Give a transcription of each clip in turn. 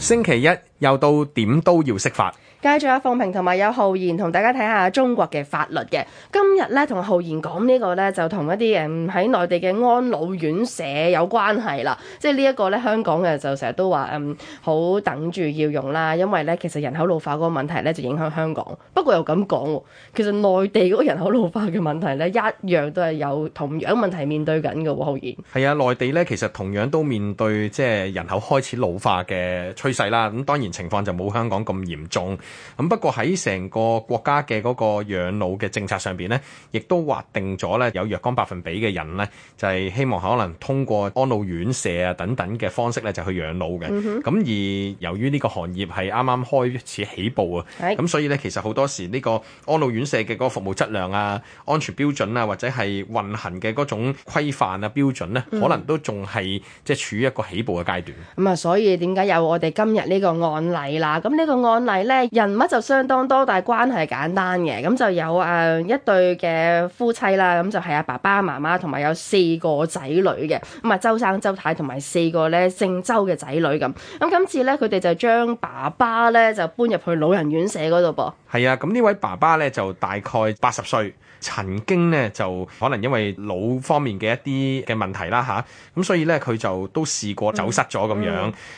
星期一又到點都要識法。繼續阿鳳萍同埋有浩然同大家睇下中國嘅法律嘅。今日咧同浩然講呢個咧就同一啲誒喺內地嘅安老院舍有關係啦。即係呢一個咧香港嘅就成日都話誒好等住要用啦，因為咧其實人口老化嗰個問題咧就影響香港。不過又咁講，其實內地嗰個人口老化嘅問題咧一樣都係有同樣問題面對緊嘅喎。浩然係啊，內地咧其實同樣都面對即係人口開始老化嘅趨勢啦。咁當然情況就冇香港咁嚴重。咁不過喺成個國家嘅嗰個養老嘅政策上邊呢亦都劃定咗呢有若干百分比嘅人呢就係、是、希望可能通過安老院舍啊等等嘅方式呢就去養老嘅。咁、嗯、哼而由於呢個行業係啱啱開始起步啊，咁是所以呢，其實好多時呢個安老院舍嘅嗰個服務質量啊、安全標準啊，或者係運行嘅嗰種規範啊、標準呢、嗯、可能都仲係即係處於一個起步嘅階段。咁啊、嗯，所以點解有我哋今日呢個案例啦？咁呢個案例呢。人物就相當多，但係關係簡單嘅咁就有誒一對嘅夫妻啦，咁就係阿爸爸媽媽同埋有四個仔女嘅，咁阿周生周太同埋四個咧姓周嘅仔女咁。咁今次咧佢哋就將爸爸咧就搬入去老人院舍嗰度噃。係啊，咁呢位爸爸咧就大概八十歲，曾經呢，就可能因為腦方面嘅一啲嘅問題啦吓，咁、啊、所以咧佢就都試過走失咗咁樣，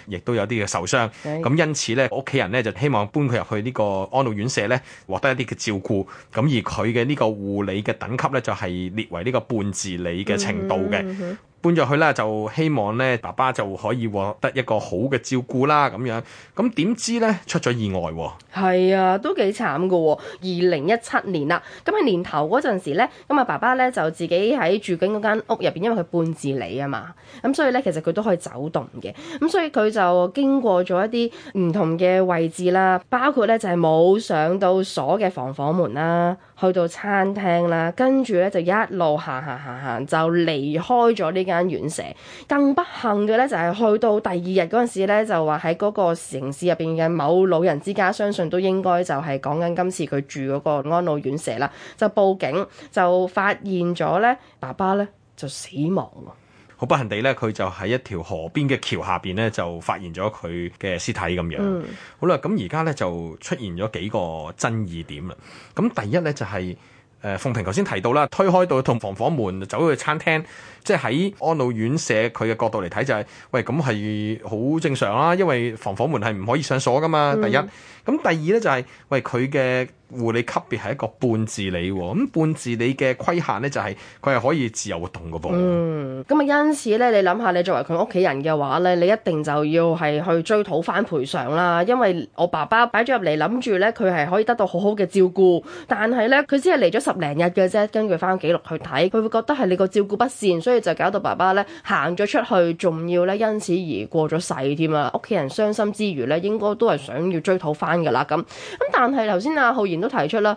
亦、嗯嗯、都有啲嘅受傷，咁 Okay. 因此咧屋企人咧就希望搬佢入。佢呢個安老院舍咧，獲得一啲嘅照顧，咁而佢嘅呢個護理嘅等級咧，就係列為呢個半自理嘅程度嘅。嗯嗯搬咗去啦，就希望咧爸爸就可以獲得一個好嘅照顧啦，咁樣咁點知咧出咗意外喎、啊？係啊，都幾慘㗎喎、哦！二零一七年啦，咁喺年頭嗰陣時咧，咁啊爸爸咧就自己喺住緊嗰間屋入邊，因為佢半自理啊嘛，咁所以咧其實佢都可以走動嘅，咁所以佢就經過咗一啲唔同嘅位置啦，包括咧就係、是、冇上到鎖嘅防火門啦。去到餐廳啦，跟住咧就一路行行行行，就離開咗呢間院舍。更不幸嘅咧就係去到第二日嗰陣時咧，就話喺嗰個城市入邊嘅某老人之家，相信都應該就係講緊今次佢住嗰個安老院舍啦，就報警就發現咗咧爸爸咧就死亡喎。好不幸地咧，佢就喺一條河邊嘅橋下邊咧，就發現咗佢嘅屍體咁樣。嗯、好啦，咁而家咧就出現咗幾個爭議點啦。咁第一咧就係、是、誒、呃、鳳萍頭先提到啦，推開到同防火門走去餐廳，即、就、喺、是、安老院舍佢嘅角度嚟睇就係、是，喂咁係好正常啦，因為防火門係唔可以上鎖㗎嘛。嗯、第一，咁第二咧就係、是，喂佢嘅。護理級別係一個半自理，咁、嗯、半自理嘅規限呢，就係佢係可以自由活動嘅噃。嗯，咁啊因此呢，你諗下，你作為佢屋企人嘅話呢，你一定就要係去追討翻賠償啦。因為我爸爸擺咗入嚟，諗住呢，佢係可以得到好好嘅照顧，但係呢，佢只係嚟咗十零日嘅啫。根據翻記錄去睇，佢會覺得係你個照顧不善，所以就搞到爸爸呢行咗出去，仲要呢，因此而過咗世添啊！屋企人傷心之餘呢，應該都係想要追討翻㗎啦。咁咁但係頭先阿浩然。都提出啦，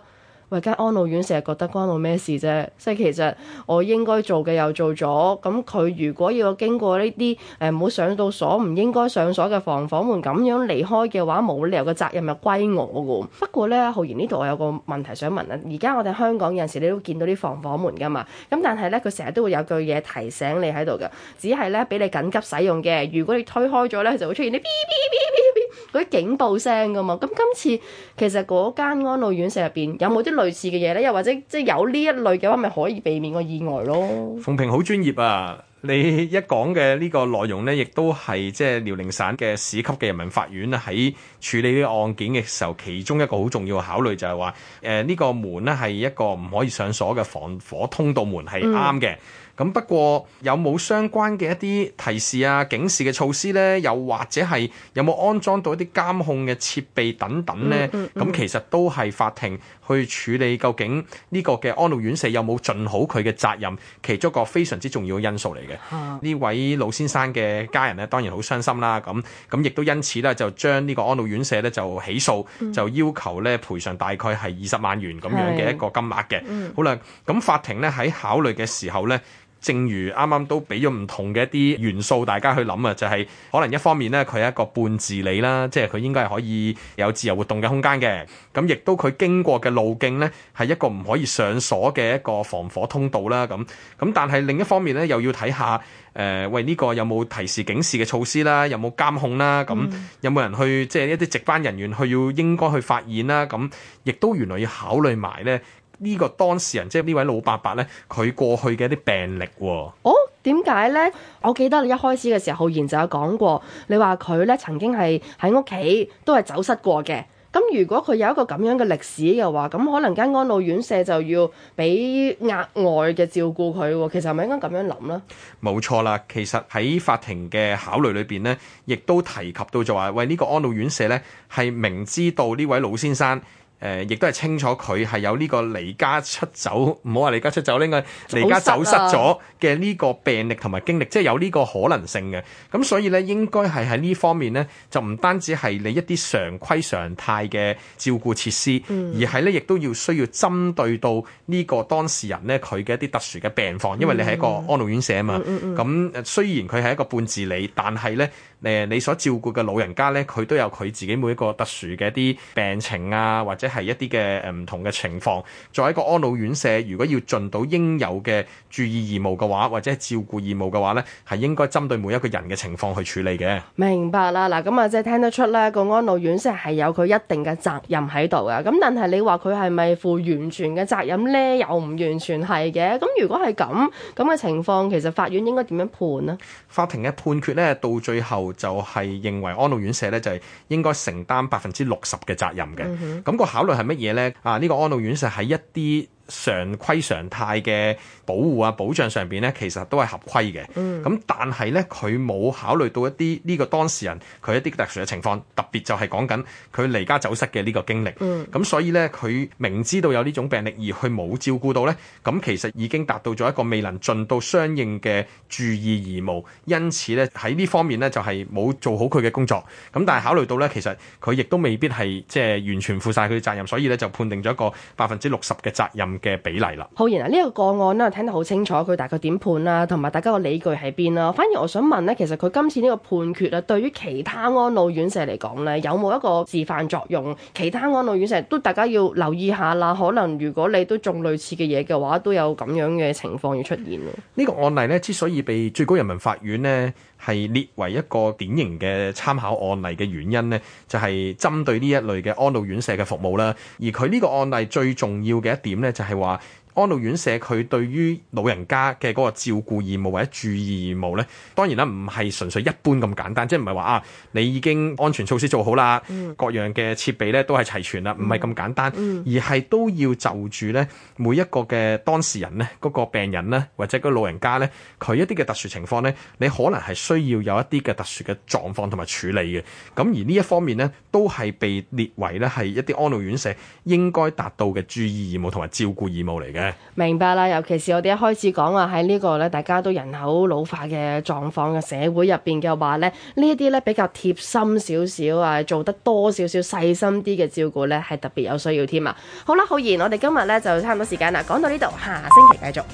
喂，間安老院成日覺得關我咩事啫？即係其實我應該做嘅又做咗，咁佢如果要經過呢啲唔好上到鎖、唔應該上鎖嘅防火門咁樣離開嘅話，冇理由嘅責任又歸我噶。不過咧，浩然呢度我有個問題想問啊！而家我哋香港有陣時你都見到啲防火門㗎嘛？咁但係咧，佢成日都會有句嘢提醒你喺度嘅，只係咧俾你緊急使用嘅。如果你推開咗咧，就會出現啲嗰啲警報聲噶嘛，咁今次其實嗰間安老院舍入邊有冇啲類似嘅嘢咧？又或者即係有呢一類嘅話，咪可以避免個意外咯。鳳平好專業啊！你一講嘅呢個內容咧，亦都係即遼寧省嘅市級嘅人民法院啊，喺處理啲案件嘅時候，其中一個好重要嘅考慮就係話，誒、呃、呢、呢個門咧係一個唔可以上鎖嘅防火通道門，係啱嘅。嗯咁不過有冇相關嘅一啲提示啊、警示嘅措施呢？又或者係有冇安裝到一啲監控嘅設備等等呢？咁、嗯嗯、其實都係法庭去處理究竟呢個嘅安老院舍有冇盡好佢嘅責任，其中一個非常之重要嘅因素嚟嘅。呢、啊、位老先生嘅家人呢，當然好傷心啦。咁咁亦都因此呢，就將呢個安老院舍呢就起訴，嗯、就要求呢賠償大概係二十萬元咁樣嘅一個金額嘅、嗯嗯。好啦，咁法庭呢喺考慮嘅時候呢。正如啱啱都俾咗唔同嘅一啲元素，大家去諗啊，就係、是、可能一方面咧，佢係一個半自理啦，即係佢應該係可以有自由活動嘅空間嘅。咁亦都佢經過嘅路徑咧，係一個唔可以上鎖嘅一個防火通道啦。咁咁，但係另一方面咧，又要睇下誒、呃，喂呢、這個有冇提示警示嘅措施啦，有冇監控啦，咁、嗯、有冇人去即係一啲值班人員去要應該去發現啦。咁亦都原來要考慮埋咧。呢個當事人，即係呢位老伯伯呢佢過去嘅一啲病歷喎。哦，點解呢？我記得你一開始嘅時候，浩然就有講過，你話佢呢曾經係喺屋企都係走失過嘅。咁如果佢有一個咁樣嘅歷史嘅話，咁可能間安老院舍就要俾額外嘅照顧佢。其實係咪應該咁樣諗咧？冇錯啦，其實喺法庭嘅考慮裏邊呢，亦都提及到就話，喂呢個安老院舍呢，係明知道呢位老先生。誒，亦都係清楚佢係有呢個離家出走，唔好話離家出走呢，應該離家走失咗嘅呢個病歷同埋經歷，即係有呢個可能性嘅。咁所以咧，應該係喺呢方面咧，就唔單止係你一啲常規常態嘅照顧設施，嗯、而係咧亦都要需要針對到呢個當事人咧，佢嘅一啲特殊嘅病況，因為你係一個安老院舍啊嘛。咁、嗯嗯嗯、雖然佢係一個半自理，但係咧，誒，你所照顧嘅老人家咧，佢都有佢自己每一個特殊嘅一啲病情啊，或者～係一啲嘅誒唔同嘅情況，作為一個安老院舍，如果要盡到應有嘅注意義務嘅話，或者照顧義務嘅話呢，係應該針對每一個人嘅情況去處理嘅。明白啦，嗱咁啊，即係聽得出呢個安老院舍係有佢一定嘅責任喺度嘅。咁但係你話佢係咪負完全嘅責任呢？又唔完全係嘅。咁如果係咁咁嘅情況，其實法院應該點樣判呢？法庭嘅判決呢，到最後就係認為安老院舍呢，就係、是、應該承擔百分之六十嘅責任嘅。咁個、mm。Hmm. 考慮係乜嘢咧？啊，呢、這個安老院實係一啲，常規常態嘅保護啊、保障上面呢，其實都係合規嘅。咁、嗯、但係呢，佢冇考慮到一啲呢個當事人佢一啲特殊嘅情況，特別就係講緊佢離家走失嘅呢個經歷。咁、嗯、所以呢，佢明知道有呢種病歷，而去冇照顧到呢，咁其實已經達到咗一個未能盡到相應嘅注意義務，因此呢，喺呢方面呢，就係、是、冇做好佢嘅工作。咁但係考慮到呢，其實佢亦都未必係即係完全負晒佢責任，所以呢，就判定咗一個百分之六十嘅責任。嘅比例啦，浩然啊，呢一個個案咧，聽得好清楚，佢大概點判啦，同埋大家個理據喺邊啦。反而我想問呢，其實佢今次呢個判決啊，對於其他安老院舍嚟講呢，有冇一個示範作用？其他安老院舍都大家要留意下啦。可能如果你都做類似嘅嘢嘅話，都有咁樣嘅情況要出現。呢個案例呢，之所以被最高人民法院呢，係列為一個典型嘅參考案例嘅原因呢，就係針對呢一類嘅安老院舍嘅服務啦。而佢呢個案例最重要嘅一點呢，就係係話，安老院舍佢對於老人家嘅嗰個照顧義務或者注意義務呢，當然啦，唔係純粹一般咁簡單，即係唔係話啊，你已經安全措施做好啦，うん 各樣嘅設備呢都係、係、齊全啦，唔係咁簡單，而係都要就住呢，每一個嘅當事人呢，嗰、嗰個病人呢，或者嗰個老人家呢，佢一啲嘅特殊情況呢，你可能係需要有一啲嘅特殊嘅狀況同埋處理嘅。咁而呢一方面呢，都係被列為呢係一啲安老院舍應該達到嘅注意義務同埋照顧義務嚟嘅。明白啦，尤其是我哋一開始講話，喺呢個咧大家都人口老化嘅狀況嘅社會入邊嘅話咧，呢一啲咧比較貼心少少啊，做得多少少細心啲嘅照顧咧，係特別有需要添啊。好啦，浩然，我哋今日咧就差唔多時間啦，講到呢度，下星期繼續。